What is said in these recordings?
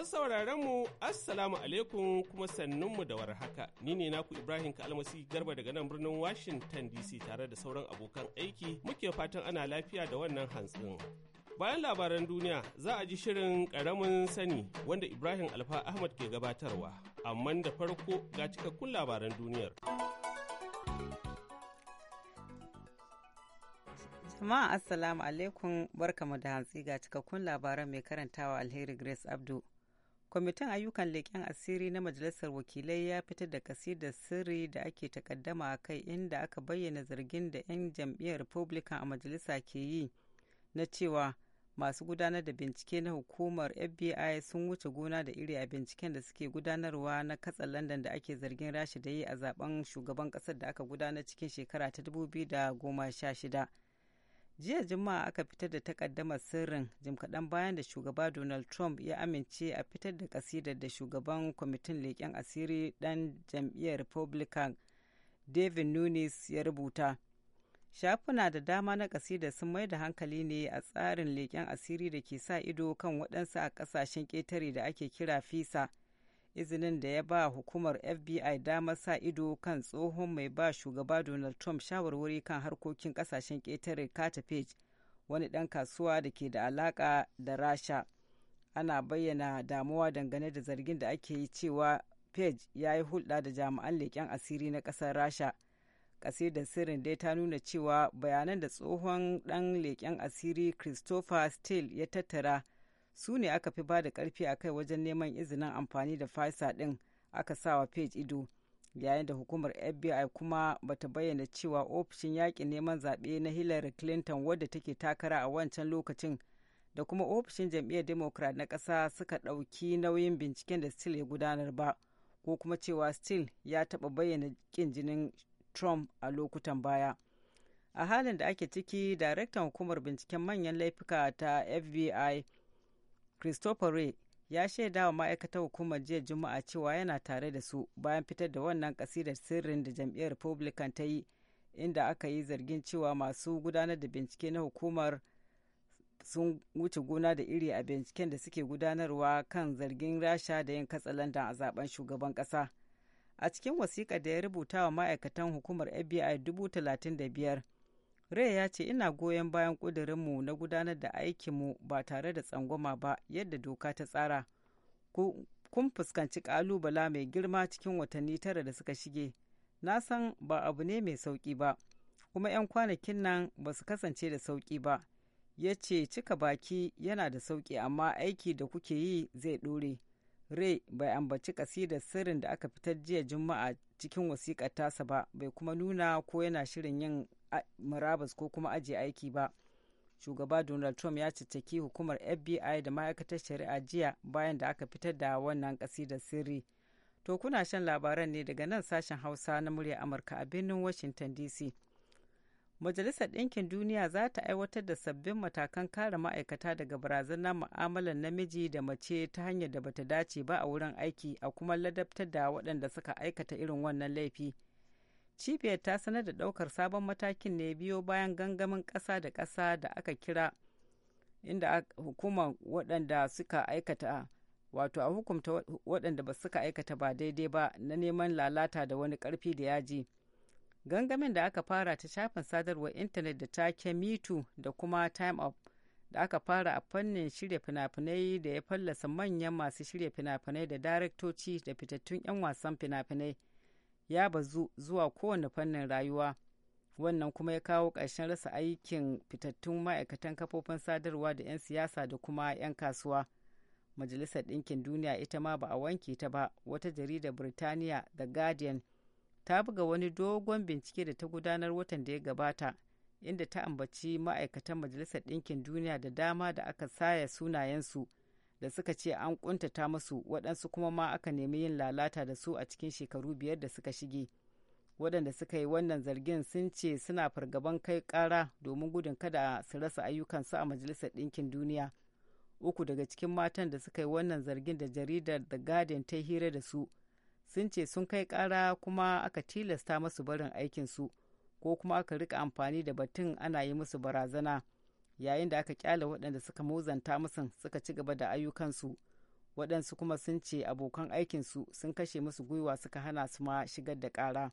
Masu sauraron mu Assalamu alaikum kuma sannunmu da warhaka. Ni ne naku Ibrahim Kalmasi Garba daga nan birnin Washington DC tare da sauran abokan aiki muke fatan ana lafiya da wannan hantsin. Bayan labaran duniya za a ji shirin karamin sani wanda Ibrahim Alfa Ahmad ke gabatarwa, amma da farko ga cikakkun labaran duniyar. Ma Assalamu alaikum barkamu da hantsi ga cikakkun labaran mai karantawa Alheri Grace Abdu. kwamitin ayyukan leƙen asiri na majalisar wakilai ya fitar da kasidar sirri da ake takaddama a kai inda aka bayyana zargin da 'yan jam'iyyar republican a majalisa ke yi na cewa masu gudanar da bincike na hukumar fbi sun wuce gona da iri a binciken da suke gudanarwa na katsa london da ake zargin rashi da yi a zaben shugaban kasar da aka gudanar cikin shekara ta 2016 jiya juma'a aka fitar da takaddamar sirrin jim kaɗan bayan da shugaba donald trump ya amince a fitar da kasidar da shugaban kwamitin leƙen asiri ɗan jam'iyyar republican david nunes ya rubuta shafuna da dama na kasida sun mai da hankali ne a tsarin leƙen asiri da ke sa ido kan waɗansu a ƙasashen ƙetare da ake kira fisa izinin da ya ba hukumar fbi damar sa ido kan tsohon mai ba shugaba donald trump shawarwari kan harkokin kasashen ƙetare carter page wani ɗan kasuwa da ke da alaƙa da rasha ana bayyana damuwa dangane da zargin da ake yi cewa page ya yi hulɗa da jami'an leƙen asiri na ƙasar rasha kasidar sirrin dai ta nuna cewa bayanan da tsohon ɗan leƙen asiri christopher steele ya tattara su ne aka fi ba da karfi a kai wajen neman izinin amfani da fisa ɗin aka sawa page ido yayin da hukumar fbi kuma bata bayyana cewa ofishin yakin neman zaɓe na hillary clinton wadda take takara a wancan lokacin da kuma ofishin jam'iyyar democrat na ƙasa suka ɗauki nauyin binciken da steel ya gudanar ba ko kuma cewa steel ya taɓa bayyana ƙin jinin trump a lokutan baya a halin da ake ciki daraktan hukumar binciken manyan laifuka ta fbi christopher ray ya shaida wa ma'aikatar hukumar jiya juma'a cewa yana tare da su bayan fitar da wannan kasidar sirrin da jam'iyyar republican ta yi inda aka yi zargin cewa masu gudanar da bincike na hukumar sun wuce gona da iri a binciken da suke gudanarwa kan zargin rasha da yin katsalandan a zaben shugaban kasa a cikin wasiƙa da ya rubuta wa ma'aikatan hukumar fbi dubu talatin Ray ya ce ina goyon bayan ƙudurinmu na gudanar da aikinmu ba tare da tsangwama ba yadda doka ta tsara. Kun fuskanci ƙalubala mai girma cikin watanni tara da suka shige. Na san ba abu ne mai sauƙi ba, kuma 'yan kwanakin nan ba su kasance da sauki ba. Ya ce cika baki yana da sauƙi amma aiki da kuke yi zai ɗore. Ray bai ambaci kasidar sirrin da aka fitar jiya Juma'a cikin wasiƙar tasa ba, bai kuma nuna ko yana shirin yin murabus ko kuma ajiye aiki ba shugaba donald trump ya cicciki hukumar fbi da ma'aikatar shari'a jiya bayan da aka fitar da wannan kasidar sirri to kuna shan labaran ne daga nan sashen hausa na murya amurka a birnin washington dc majalisar ɗinkin duniya za ta aiwatar da sabbin matakan kare ma'aikata daga barazanar mu'amalar namiji da mace ta hanyar da bata dace ba a wurin aiki a kuma ladabtar da waɗanda suka aikata irin wannan laifi. cibiyar ta sanar da ɗaukar sabon matakin ne biyo bayan gangamin ƙasa da ƙasa da aka kira inda hukumar waɗanda suka aikata wato a hukumta waɗanda ba suka aikata ba daidai ba na neman lalata da wani ƙarfi da yaji gangamin da aka fara ta shafin sadarwar intanet da take mitu da kuma time up da aka fara a fannin shirya fina-finai da ya fallasa manyan masu shirya fina-finai da daraktoci da fitattun 'yan wasan fina-finai ya bazu zuwa kowane fannin rayuwa wannan kuma ya kawo ƙarshen rasa aikin fitattun ma'aikatan kafofin sadarwa da 'yan siyasa da kuma 'yan kasuwa majalisar ɗinkin duniya ita ma ba a wanke ta ba wata jaridar birtaniya the guardian ta buga wani dogon bincike da ta gudanar watan da ya gabata inda ta ambaci ma'aikatan majalisar ɗinkin duniya da dama da aka saya sunayensu da suka ce an kuntata masu waɗansu kuma ma aka nemi yin lalata da su a cikin shekaru biyar da suka shige waɗanda suka yi wannan zargin sun ce suna fargaban kai ƙara domin gudun kada su rasa ayyukansu a majalisar ɗinkin duniya uku daga cikin matan da suka yi wannan zargin da jaridar the guardian ta hira da su sun ce sun kai ƙara kuma aka tilasta masu barin aikinsu ko kuma aka rika amfani da batun ana yi musu barazana yayin da aka kyale waɗanda suka muzanta musun suka ci gaba da ayyukansu waɗansu kuma sun ce abokan aikinsu sun kashe musu gwiwa suka hana su ma shigar da ƙara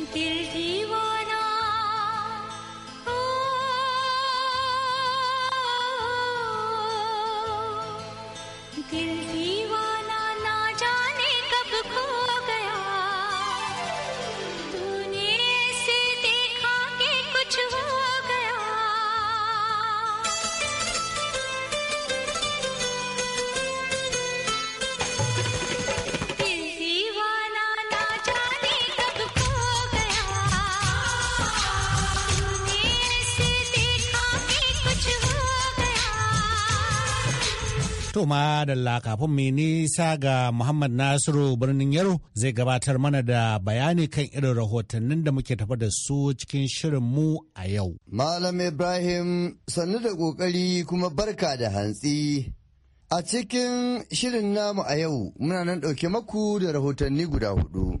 To da kafin mai nisa ga Muhammad Nasiru birnin Yaro zai gabatar mana da bayani kan irin rahotannin da muke tafa da su cikin shirin mu a yau. Malam Ibrahim sannu da kokari kuma barka da hantsi. A cikin shirin namu a yau muna nan ɗauke maku da rahotanni guda hudu.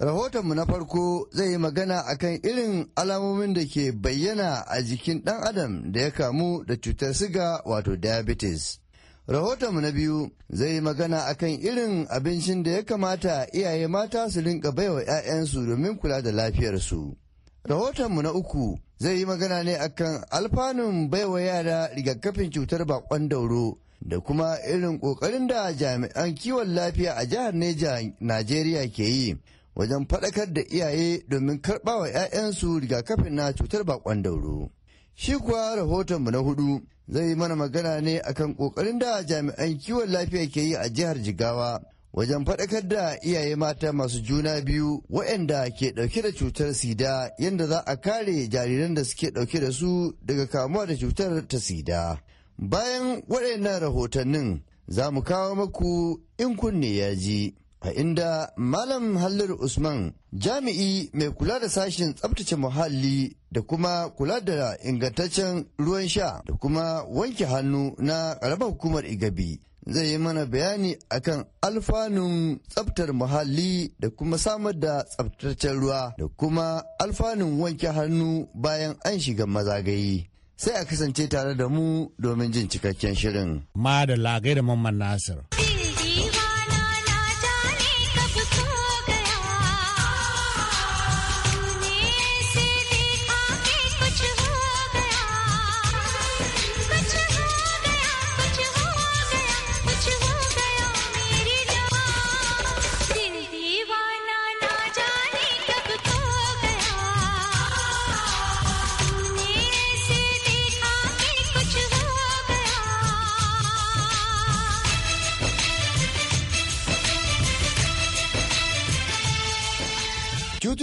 Rahotonmu na farko zai yi magana a kan irin alamomin da ke bayyana a jikin ɗan adam da ya kamu da cutar siga wato diabetes. Rahotonmu na biyu zai yi magana akan irin abincin da ya kamata iyaye mata su rinka baiwa 'ya'yansu domin kula da lafiyarsu. Rahotonmu na uku zai yi magana ne akan alfanun baiwa yara rigakafin cutar bakon dauro da kuma irin ƙoƙarin da jami'an kiwon lafiya a jihar Neja, Najeriya ke yi wajen faɗakar da iyaye domin karɓawa 'ya'yansu rigakafin na cutar bakon dauro. Shi kuwa rahotonmu na hudu zai yi mana magana ne akan kokarin da jami'an kiwon lafiya ke yi a jihar Jigawa wajen faɗakar da iyaye mata masu juna biyu waɗanda ke ɗauke da cutar sida yadda za a kare jariran da suke ɗauke da su daga kamuwa da cutar ta sida. Bayan waɗannan rahotannin za mu kawo maku in kunne ya ji. a inda Malam Hallar Usman jami'i mai kula da sashen tsabtace muhalli da kuma kula da ingantaccen ruwan sha da kuma wanke hannu na karamar hukumar Igabi. zai yi mana bayani akan alfanun tsabtar muhalli da kuma samar da tsabtaccen ruwa da kuma alfanun wanke hannu bayan an shiga mazagayi. Sai a kasance tare da mu domin jin cikakken shirin. Ma da lagai da Mamman Nasir.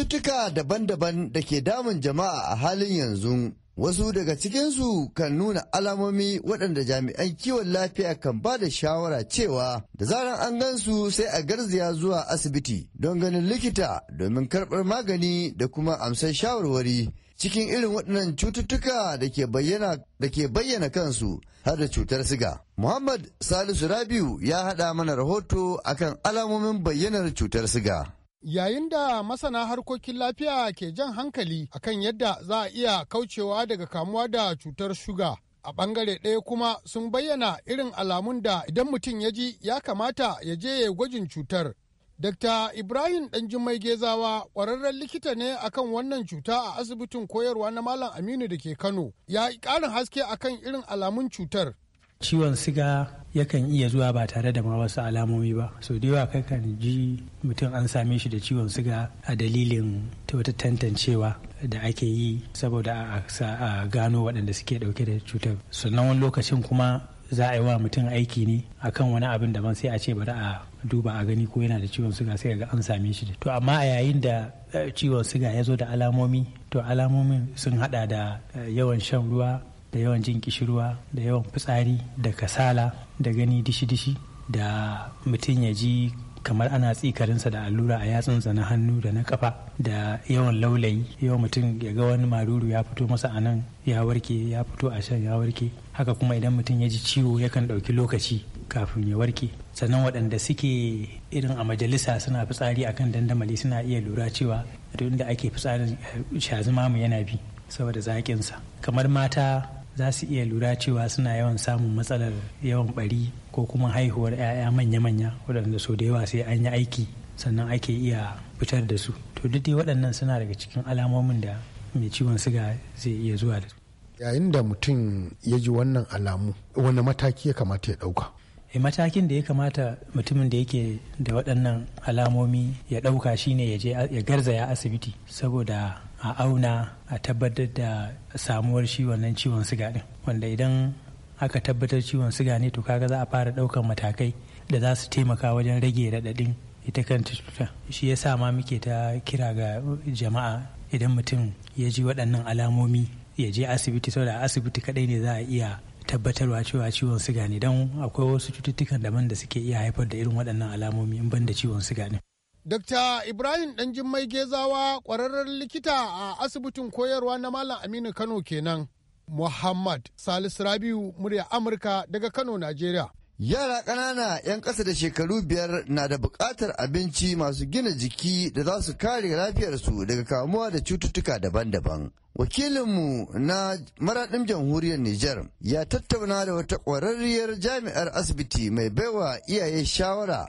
Cututtuka daban-daban da ke damun jama'a a halin yanzu. Wasu daga cikinsu kan nuna alamomi waɗanda jami'an kiwon lafiya kan ba da shawara cewa da zaran an gansu sai a garzaya zuwa asibiti don ganin likita domin karɓar magani da kuma amsar shawarwari cikin irin waɗannan cututtuka da ke bayyana kansu har da cutar siga. Muhammad Salisu Rabiu ya haɗa mana rahoto akan alamomin bayyanar cutar siga. Yayin da masana harkokin lafiya ke jan hankali akan yadda za a iya kaucewa daga kamuwa da cutar shuga. A ɓangare ɗaya kuma sun bayyana irin alamun da idan mutum ya ji ya kamata ya je ya gwajin cutar. Dr. Ibrahim Ɗanjimai Gezawa ƙwararren likita ne akan wannan cuta a asibitin koyarwa na Malam Aminu da ke Kano ya ƙarin haske akan irin alamun cutar. ciwon siga yakan iya zuwa ba tare da ma wasu alamomi ba so da yawa kan ji mutum an same shi da ciwon siga a dalilin ta wata tantancewa da ake yi saboda a gano waɗanda suke ɗauke da cutar sannan wani lokacin kuma za a yi wa mutum aiki ne akan wani abin da ban sai a ce bari a duba a gani ko yana da ciwon siga sai ga an same shi to amma a yayin da eh, ciwon siga ya zo da alamomi to alamomin sun hada da eh, yawan shan ruwa da yawan jin kishirwa da yawan fitsari da kasala da gani dishi-dishi da mutum ya ji kamar ana tsikarinsa da allura a yatsunsa na hannu da na kafa da yawan laulayi yawan mutum ya ga wani maruru ya fito masa a nan ya warke ya fito a shan ya warke haka kuma idan mutum ya ji ciwo yakan ɗauki lokaci kafin ya warke sannan waɗanda suke irin a majalisa suna fitsari akan dandamali suna iya lura cewa duk da ake fitsarin eh, shazi mamu yana bi saboda zaƙinsa kamar mata za su iya lura cewa suna yawan samun matsalar yawan bari ko kuma haihuwar 'ya'ya manya-manya waɗanda so da yawa sai an yi aiki sannan ake iya fitar da su to duk dai waɗannan suna daga cikin alamomin da mai ciwon siga zai iya zuwa da su yayin da mutum ya ji wannan alamu wani mataki ya kamata ya ɗauka e matakin da ya kamata mutumin da yake da waɗannan alamomi ya ɗauka shine ya ya garzaya asibiti saboda a auna a tabbatar da samuwar shi wannan ciwon siga din wanda idan aka tabbatar ciwon siga ne to kaga za a fara ɗaukar matakai da za su taimaka wajen rage raɗaɗin ita kanta cuta shi ya sa ma muke ta kira ga jama'a idan mutum ya ji waɗannan alamomi ya je asibiti saboda asibiti kaɗai ne za a iya tabbatarwa cewa ciwon siga ne don akwai wasu cututtukan daban da suke iya haifar da irin waɗannan alamomi in ban da ciwon siga ne. Dr. Ibrahim Mai Gezawa ƙwararren likita a asibitin koyarwa na Malam Aminu Kano kenan. Muhammad Salisu Rabiu murya Amurka daga Kano, Najeriya. Yara ƙanana 'yan ƙasa da shekaru biyar na da buƙatar abinci masu gina jiki da za su kare lafiyarsu daga kamuwa da cututtuka daban-daban. Wakilinmu na maraɗin jamhuriyar Nijar ya tattauna da wata ƙwararriyar jami'ar asibiti mai baiwa iyaye shawara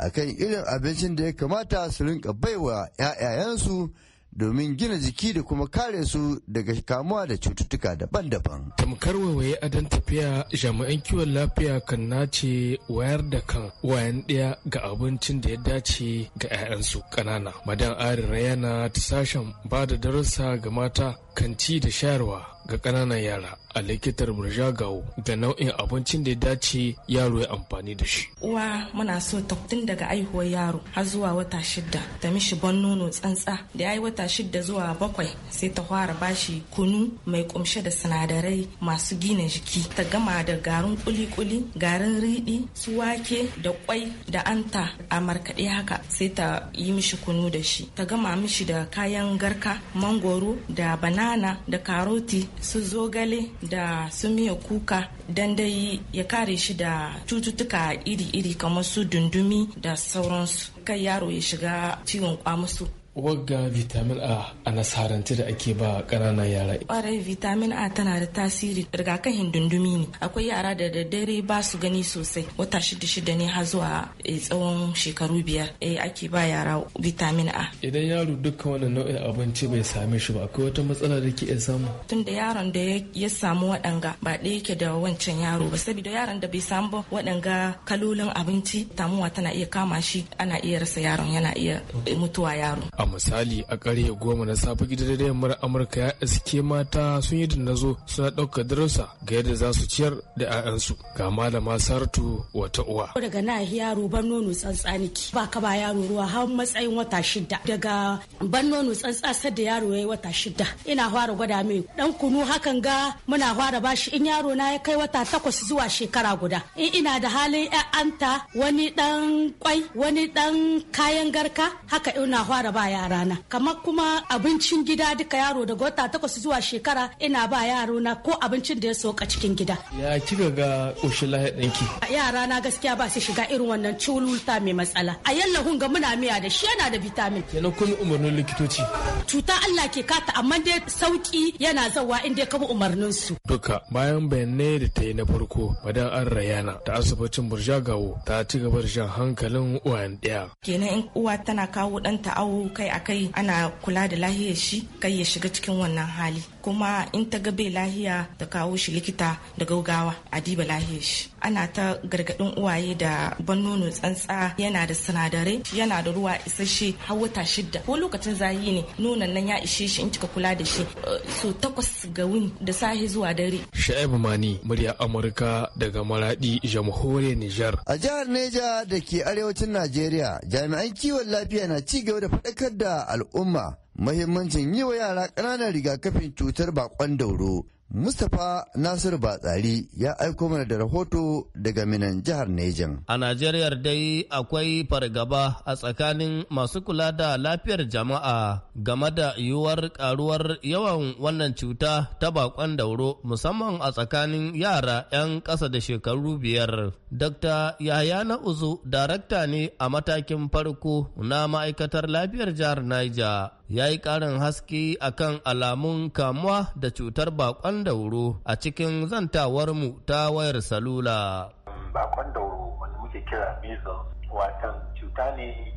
akan irin abincin da ya kamata su rinka baiwa 'ya'yayansu domin gina jiki da kuma kare su daga kamuwa da cututtuka daban-daban. Tamkar waiwaye adon tafiya jami'an kiwon lafiya kan nace wayar da kan wayan ɗaya ga abincin da ya dace ga 'ya'yansu ƙanana. Madan Ari Rayana ta sashen ba da darussa ga mata kanti da shayarwa ga ƙananan yara a likitar murjagawo da nau'in abincin da ya dace yaro ya amfani da shi. Uwa muna so ta tun daga aihuwar yaro har zuwa wata shidda ta mishi ban nono tsantsa da ya yi wata shidda zuwa bakwai sai ta fara bashi kunu mai kumshe da sinadarai masu gina jiki ta gama da garin kuli-kuli garin riɗi su wake da kwai da anta a markaɗe haka sai ta yi mishi kunu da shi ta gama mishi da kayan garka mangoro da bana banana da karoti su zogale da su miya kuka dan dai ya kare shi da cututtuka iri-iri kamar su dundumi da sauransu kai yaro ya shiga ciwon kwamusu wagga vitamin a a nasarance da ake ba ƙananan yara ƙwarai vitamin a tana da tasiri rigakafin dundumi ne akwai yara da daddare ba su gani sosai wata shida shida ne har zuwa eh, tsawon shekaru biyar eh, ake ba yara vitamin a idan yaro dukkan wannan nau'in abinci bai same shi ba akwai wata matsala da ke samu tun da yaron da ya samu waɗanga ba ɗaya yake da wancan yaro ba saboda yaron da bai samu waɗanga kalolin abinci tamuwa tana iya kama shi ana iya rasa yaron yana iya eh, mutuwa yaro a misali a ƙarye goma na safe gidan yammar amurka ya iske mata sun yi nazo suna ɗaukar darussa ga yadda za su ciyar da 'ya'yansu ga malama sartu wata uwa daga na yaro ban nono tsantsaniki ba ka ba yaro ruwa har matsayin wata shida daga ban nono tsantsan da yaro yayi wata shida ina fara gwada mai dan kunu hakan ga muna fara bashi in yaro na ya kai wata takwas zuwa shekara guda in ina da halin 'ya'yanta wani dan kwai wani dan kayan garka haka ina fara ba yara na kamar kuma abincin gida duka yaro daga wata takwas zuwa shekara ina ba yaro na ko abincin da ya sauka cikin gida ya kika ga ƙoshin lahiyar ɗanki yara na gaskiya ba su shiga irin wannan culuta mai matsala a yallahun ga muna miya da shi yana da vitamin kenan kun umarnin likitoci cuta Allah ke kata amma dai sauki yana zawa in dai kaba umarnin su duka bayan bayanne da ta yi na farko madan an rayana ta asibitin burjagawo ta ci gaba da jan hankalin uwayen ɗaya kenan in uwa tana kawo ɗanta awo akai-akai ana kula da lahiyar shi kai ya shiga cikin wannan hali kuma in ta ga bai lahiya ta kawo shi likita da gaugawa a diba lahiyar shi ana ta gargaɗin uwaye da ban nono tsantsa yana da sinadarai yana da ruwa isasshe har wata shida ko lokacin zahi ne nonon nan ya ishe shi in kika kula da shi eh, so takwas ga wuni da sahi zuwa dare sha'ibu mani murya amurka daga maradi jamhuriyar nijar a jihar neja da ke arewacin najeriya jami'an kiwon lafiya na ci gaba da faɗakar da al'umma mahimmancin yi wa yara ƙananan rigakafin cutar bakon dauro Mustapha Nasiru Batsari ya aiko mana da rahoto daga minan jihar Nejan. A Najeriya dai akwai fargaba a tsakanin masu kula da lafiyar jama'a game da yiwuwar karuwar yawan wannan cuta ta bakon dauro musamman a tsakanin yara 'yan ƙasa da shekaru biyar. Dr. Yahaya na Uzu, darakta ne a matakin farko na ma'aikatar lafiyar jihar Niger. ya yi ƙarin haske a kan alamun kamuwa da cutar bakon dauro a cikin zantawar mu ta wayar salula. Bakon dauro wanda muke kira measles watan cuta ne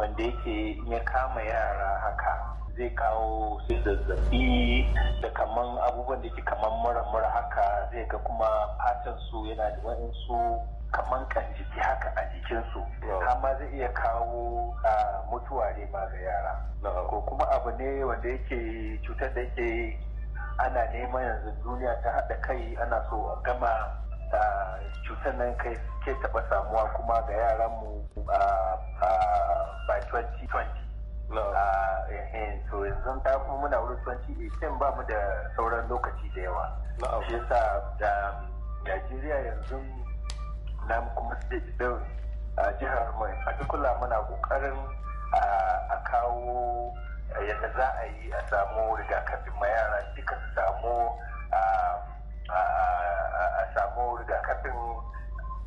wanda yake ya kama yara haka zai kawo su zazzabi da kaman abubuwan da ke kaman mura-mura haka zai ga kuma fatan su yana da su. kamar jiki haka a jikinsu amma zai iya kawo mutuwa ne ma ga yara ko kuma abu ne wanda yake cutar da yake ana neman yanzu duniya ta haɗa kai ana so a gama cutar nan kai ke taɓa samuwa kuma ga yaranmu by 2020 so eh, eh, yanzu ta kuma muna wurin 2018 ba mu da sauran lokaci da yawa shi yasa da najeriya yanzu namu kuma state din a jihar mai a muna kokarin a kawo yadda za a yi a samu rigakafin ma yara duka su samu a samu rigakafin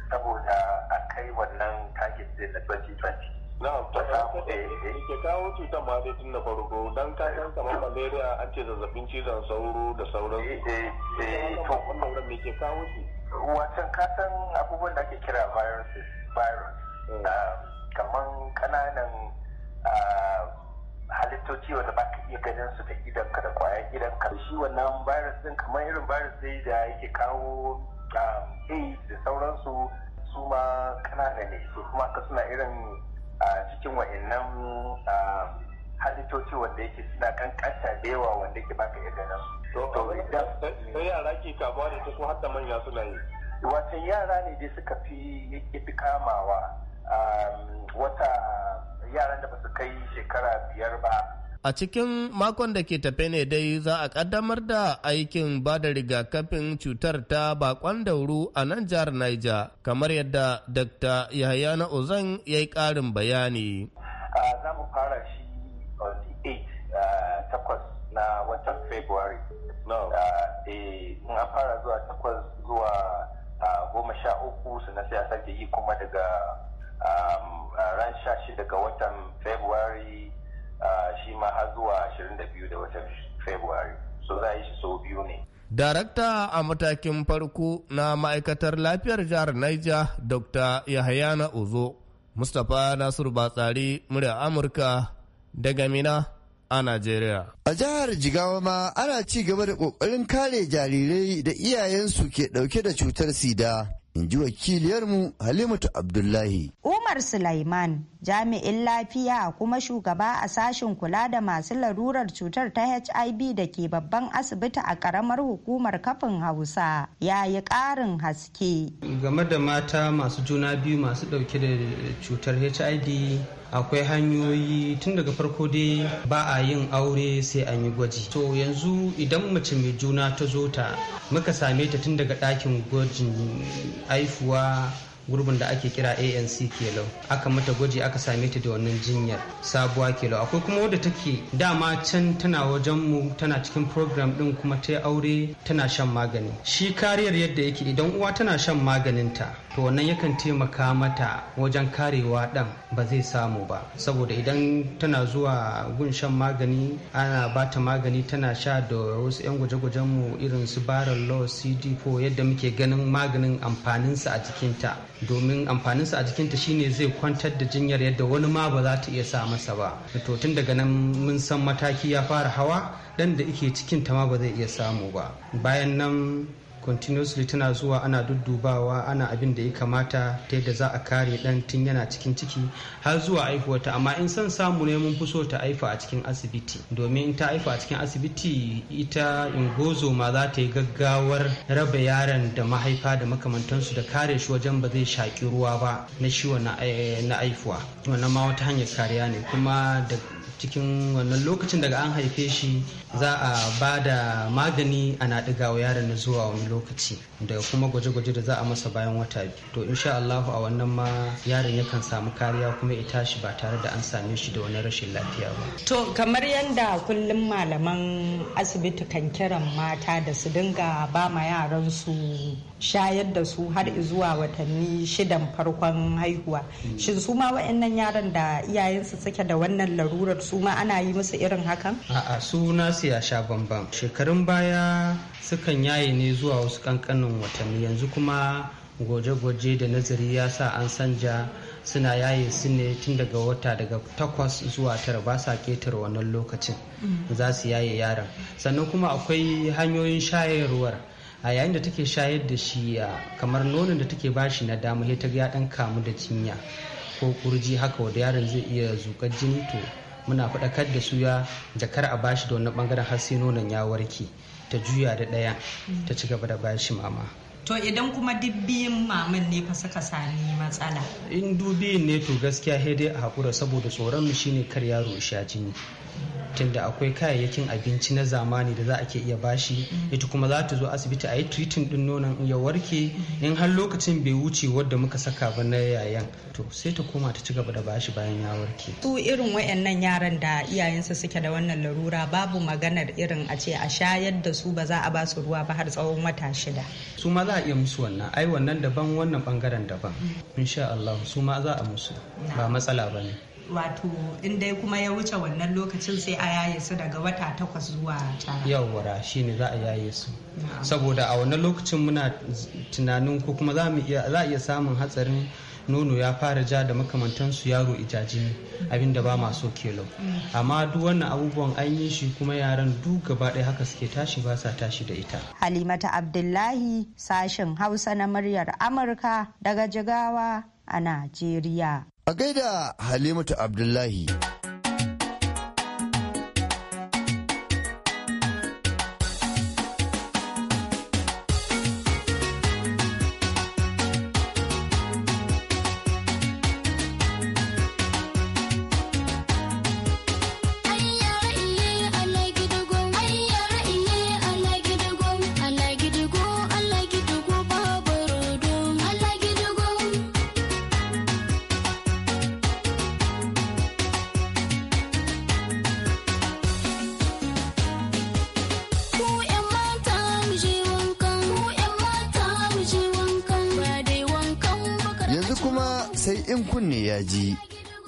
saboda a kai wannan target din na 2020 na'am ta samu da eh, eh. ke kawo cutar ma dai tun da farko don kayan kamar malaria an ce zazzabin cizon sauro da sauransu eh eh, eh to wannan ne ke kawo cutar. wacan kasan abubuwan da ake kira viruses virus mm. ah, kamar kananan ah, halittoci wanda ba ka iya ganin su da idan ka da kwayan idan ka shi wannan virus din kamar irin virus dai da yake kawo ah, AIDS da sauransu su ma kanana ne su kuma ka suna irin cikin wa'annan halittoci wanda yake suna kanta da yawa wanda yake baka iya ganin su sai yara ke kamuwa da ta su hatta manya suna yi wata yara ne dai suka fi yi kamawa um, wata yaran da basu kai shekara biyar ba a cikin makon da ke tafe ne dai za a kaddamar da aikin ba da rigakafin cutar ta bakon dauru a nan jihar naija kamar yadda Dr. Yahaya na Ozan ya yi karin bayani. Za mu fara shi 8 uh, na watan February. in ah, eh, an fara zuwa takwas zuwa ah, goma sha uku sannan sai a sake yi kuma daga ah, ran sha shi daga watan february shi ma har zuwa 22 da watan february so za a yi shi sau biyu ne Darakta a matakin farko na ma'aikatar lafiyar jihar Niger, Dr. Yahayana Uzo, Mustapha Nasiru Batsari, murya Amurka, daga Mina a Najeriya. A jihar Jigawa ma ana ci gaba da ƙoƙarin kare jarirai da iyayensu ke ɗauke da cutar sida. In ji wakiliyarmu Halimatu Abdullahi. Umar Sulaiman jami'in lafiya kuma shugaba a sashen kula da masu larurar cutar ta HIV da ke babban asibiti a ƙaramar hukumar kafin Hausa ya yi ƙarin haske. Game da mata masu juna biyu masu ɗauke da cutar HIV akwai hanyoyi tun daga farko dai ba a yin aure sai an yi gwaji to yanzu idan mace mai juna ta zo ta muka same ta tun daga ɗakin gwajin haifuwa gurbin da ake kira anc kelo aka mata gwaji aka same ta da wannan jinyar sabuwa kelo akwai kuma wadda take dama can tana wajen mu tana cikin program din kuma ta aure tana shan magani shi kariyar yadda yake idan uwa tana shan maganin ta to wannan yakan taimaka mata wajen karewa dan ba zai samu ba saboda idan tana zuwa gun shan magani ana bata magani tana sha da wasu 'yan gwaje-gwajen mu irin su baron law cd4 yadda muke ganin maganin amfaninsa a jikinta domin amfaninsa a jikinta shine zai kwantar da jinyar yadda wani ma ba za ta iya sa masa ba to tun daga nan mun san mataki ya fara hawa dan da ike cikin ta ma ba zai iya samu ba bayan nan continuously tana zuwa ana duddubawa ana abin da ya kamata ta yadda za a kare dan tun yana cikin ciki har zuwa aihuwata amma in san samu ne mun fi so ta aifa a cikin asibiti domin ta aifa a cikin asibiti ita ingozo ma za ta yi gaggawar raba yaron da mahaifa da makamantansu da kare shi wajen ba zai shaƙi ruwa ba na shi eh, na aifuwa wannan ma wata hanyar kariya ne kuma da cikin wannan lokacin daga an haife shi za a ba da magani ana wa yaron na zuwa wani lokaci da kuma gwaje-gwaje da za a masa bayan wata biyu to insha sha'allahu a wannan ma yaron yakan samu kariya kuma ya tashi ba tare da an same shi da wani rashin lafiya ba to kamar yadda kullum malaman asibiti kan kiran mata da su dinga ba ma yaran su shayar da su har zuwa watanni shidan farkon haihuwa mm. shin su ma wa'annan yaran da iyayensu suke da wannan larurar su ma ana yi musu irin hakan a'a su nasu ya sha bambam shekarun baya sukan yaye ne zuwa wasu kankanin watanni yanzu kuma goje-goje da nazari ya sa an sanja suna yaye su ne tun daga wata daga takwas zuwa tara ba sa ketar wannan lokacin mm. za su yaye yaran sannan kuma akwai hanyoyin shayarwar a yayin da take shayar da shi kamar nonon da take bashi na dama sai ta ya dan kamu da cinya ko kurji haka wanda yaron zai iya zukar jini to muna faɗakar da su ya jakar a bashi da wannan bangaren har sai nonon ya warke ta juya da ɗaya ta ci gaba da bashi mama to idan kuma dubbiyin maman ne fa suka sami matsala in dubiyin ne to gaskiya sai dai a hakura saboda tsoron mu shine kar yaro sha jini tunda akwai kayayyakin abinci na zamani da za a ke iya bashi mm-hmm. ita kuma za ta zo asibiti a yi tiritin din nonon ya warke mm-hmm. in har lokacin bai wuce wadda muka saka ba na yayan to sai ta koma ta ci gaba da bashi bayan ya warke su irin wayannan yaran da iyayensu suke da wannan larura babu maganar irin a ce a shayar da su ba za a ba su ruwa ba har tsawon wata shida su ma za a iya musu wannan ai wannan daban wannan bangaren daban mm-hmm. insha Allah su ma za a musu ba matsala bane wato in dai kuma ya wuce wannan lokacin sai a yaye su daga wata takwas zuwa tara yawwa shi ne za a yaye su saboda a wannan lokacin muna tunanin ko kuma za a iya samun hatsarin nono ya fara ja da makamantansu yaro ijajini abinda ba maso kelo mm. amma duk wannan abubuwan an yi shi kuma yaran duk gaba ɗaya haka suke tashi ba sa tashi da ita halimata abdullahi sashen hausa na muryar amurka daga jigawa a najeriya A gaida Halimatu Abdullahi. sai in kunne ya ji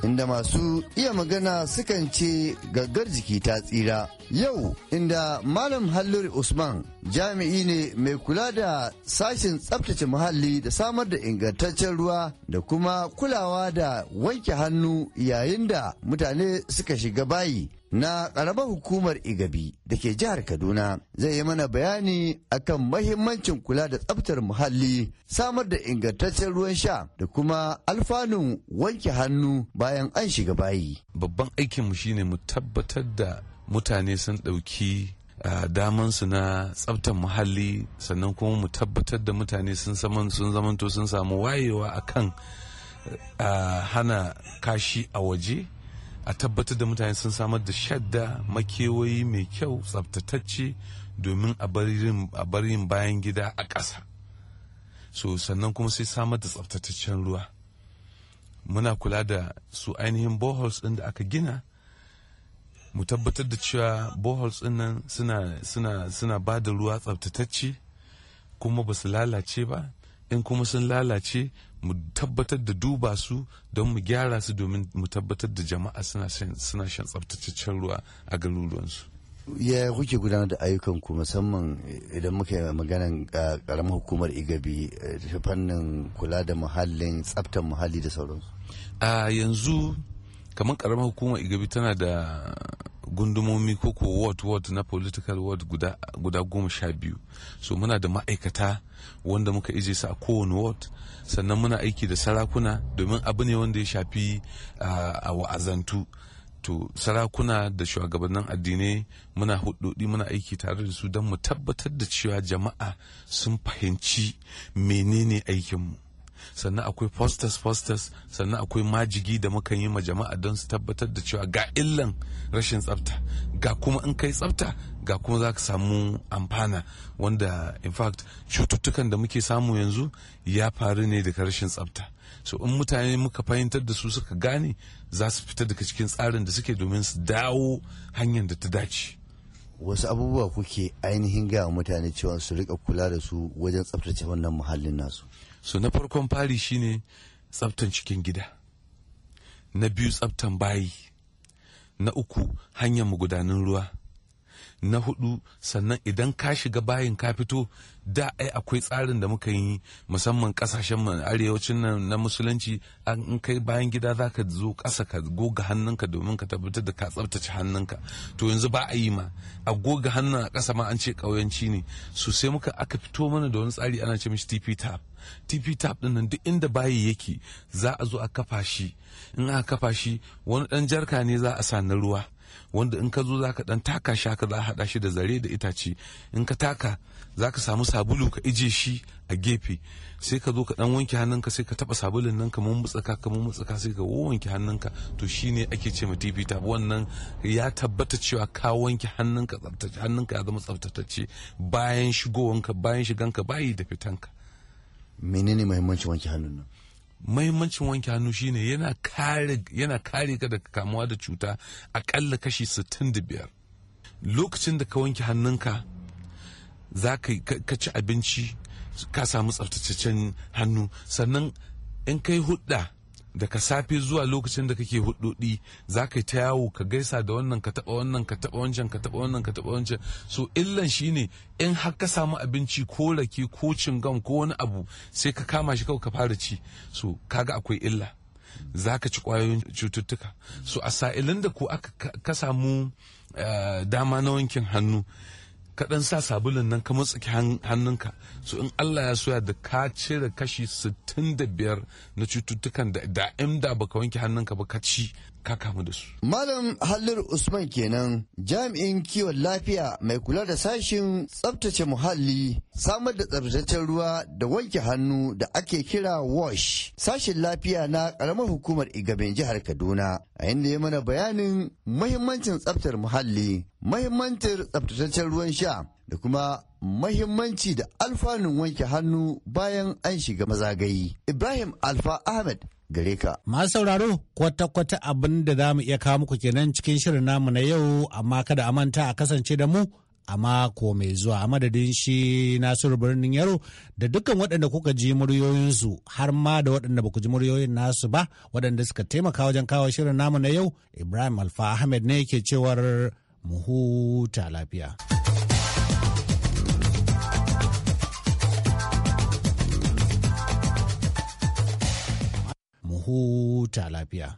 inda masu iya magana sukan ce gaggar jiki ta tsira yau inda malam hallur usman jami'i ne mai kula da sashen tsabtace muhalli da samar da ingantaccen ruwa da kuma kulawa da wanke hannu yayin da mutane suka shiga bayi na ƙaramar hukumar Igabi da ke jihar Kaduna zai yi mana bayani akan mahimmancin kula da tsabtar muhalli, samar da ingantaccen ruwan sha da kuma alfanun wanke hannu bayan an shiga bayi. Babban aikinmu shine mu tabbatar da mutane sun ɗauki damansu na tsaftar muhalli sannan kuma mu tabbatar da mutane sun zamanto sun samu wayewa akan hana kashi a waje. a tabbatar da mutane sun samar da shadda makewayi mai kyau tsabtatacce domin a bar bayan gida a ƙasa so sannan kuma sai samar da tsabtataccen ruwa muna kula da su ainihin boholes ɗin da aka gina mu tabbatar da cewa boholes ɗin nan suna ba da ruwa tsabtatacce kuma ba su lalace ba in kuma sun lalace mu tabbatar da duba su don mu gyara su domin mu tabbatar da jama'a suna shan tsaftataccen ruwa a garuruwansu ya kuke gudanar da ayyukan ku musamman idan muka yi maganan karamar hukumar igabi eh, ta fannin kula da muhallin tsabtan muhalli da sauransu a yanzu kamar karamar hukumar igabi tana da gundumomi ko ko ward ward na political ward guda, guda goma sha biyu so muna da ma'aikata wanda muka ije su a kowane ward sannan muna aiki da sarakuna domin abu ne wanda ya shafi a wa'azantu to sarakuna da shugabannin addinai muna hudodi muna aiki tare da su don mu tabbatar da cewa jama'a sun fahimci menene aikinmu sannan akwai fosters fosters sannan akwai majigi da muka yi ma jama'a don su tabbatar da cewa ga illan rashin tsafta ga kuma in kai tsafta ga kuma za ka samu amfana wanda in fact cututtukan da muke samu yanzu ya faru ne daga rashin tsafta so in mutane muka fahimtar da su suka gane za su fita daga cikin tsarin da suke domin su dawo hanyar da ta dace wasu abubuwa kuke ainihin ga mutane cewa su rika kula da su wajen tsaftace wannan muhallin nasu so na farkon fari shine tsaftan cikin gida na biyu tsaftan bayi na uku hanyar magudanin ruwa na hudu sannan idan ka shiga bayin ka fito da ai akwai tsarin da muka yi musamman kasashen arewacin nan na musulunci an kai bayan gida za ka zo ƙasa ka goga hannunka domin ka tabbatar da ka tsabtace hannunka to yanzu ba a yi ma a goga hannun a ƙasa ma an ce kauyanci ne so sai muka aka fito mana da wani tsari ana ce mishi tp tap tp tap din nan duk inda bayi yake za a zo a kafa shi in aka kafa shi wani dan jarka ne za a sa na ruwa wanda in ka zo za ka dan taka shi haka za a hada shi da zare da itace in ka taka za ka samu sabulu ka ije shi a gefe sai ka zo ka dan wanke hannunka sai ka taba sabulun nan ka mutsaka mummutsa mutsaka sai ka wanke hannunka to shine ake ce ma tifi tap wannan ya tabbata cewa ka wanke hannunka hannunka ya zama tsaftatacce bayan shigowanka bayan shiganka bayi da fitanka menene mahimmancin wanke hannun nan mahimmancin wanke hannu shine yana kare yana kare ka daga kamuwa da cuta akalla kashi 65 lokacin da ka wanke hannunka za ka ci abinci ka samu tsaftataccen hannu sannan in kai hudda daga safe zuwa lokacin da kake hudodi za ka ta yawo ka gaisa da wannan ka taba wannan ka taba wancan ka taba wannan ka taba wancan so illan shine in har ka samu abinci ko rake ko cingam ko wani abu sai ka kama shi kawai ka fara ci so kaga akwai illa za ka ci kwayoyin cututtuka so a sa'ilin da ko aka ka samu eh, dama na wankin hannu kaɗan sa sabulun nan ka matsaki hannunka so in Allah ya soya da ka cire kashi 65 na cututtukan da da in da baka wanke hannunka ba ka ci ka kamu da su. Malam Halil Usman kenan jami'in kiwon lafiya mai kula da sashin tsabtace muhalli samar da tsabtataccen ruwa da wanke hannu da ake kira wash sashin lafiya na karamar hukumar Igaben jihar Kaduna a inda ya mana bayanin mahimmancin tsabtar muhalli mahimmancin tsabtataccen ruwan sha da kuma mahimmanci da alfanun wanke hannu bayan an shiga mazagayi. Ibrahim Alfa Ahmed gare ka. Masu sauraro kwata-kwata abin da za mu iya kawo muku kenan cikin shirin namu na yau amma kada a manta a kasance da mu a mako mai zuwa a madadin shi nasiru birnin yaro da dukkan waɗanda kuka ji muryoyinsu har ma da waɗanda ba ku ji muryoyin nasu ba waɗanda suka taimaka wajen kawo shirin namu na yau ibrahim alfa ahmed ne yake cewar mu huta lafiya. huta lafiya.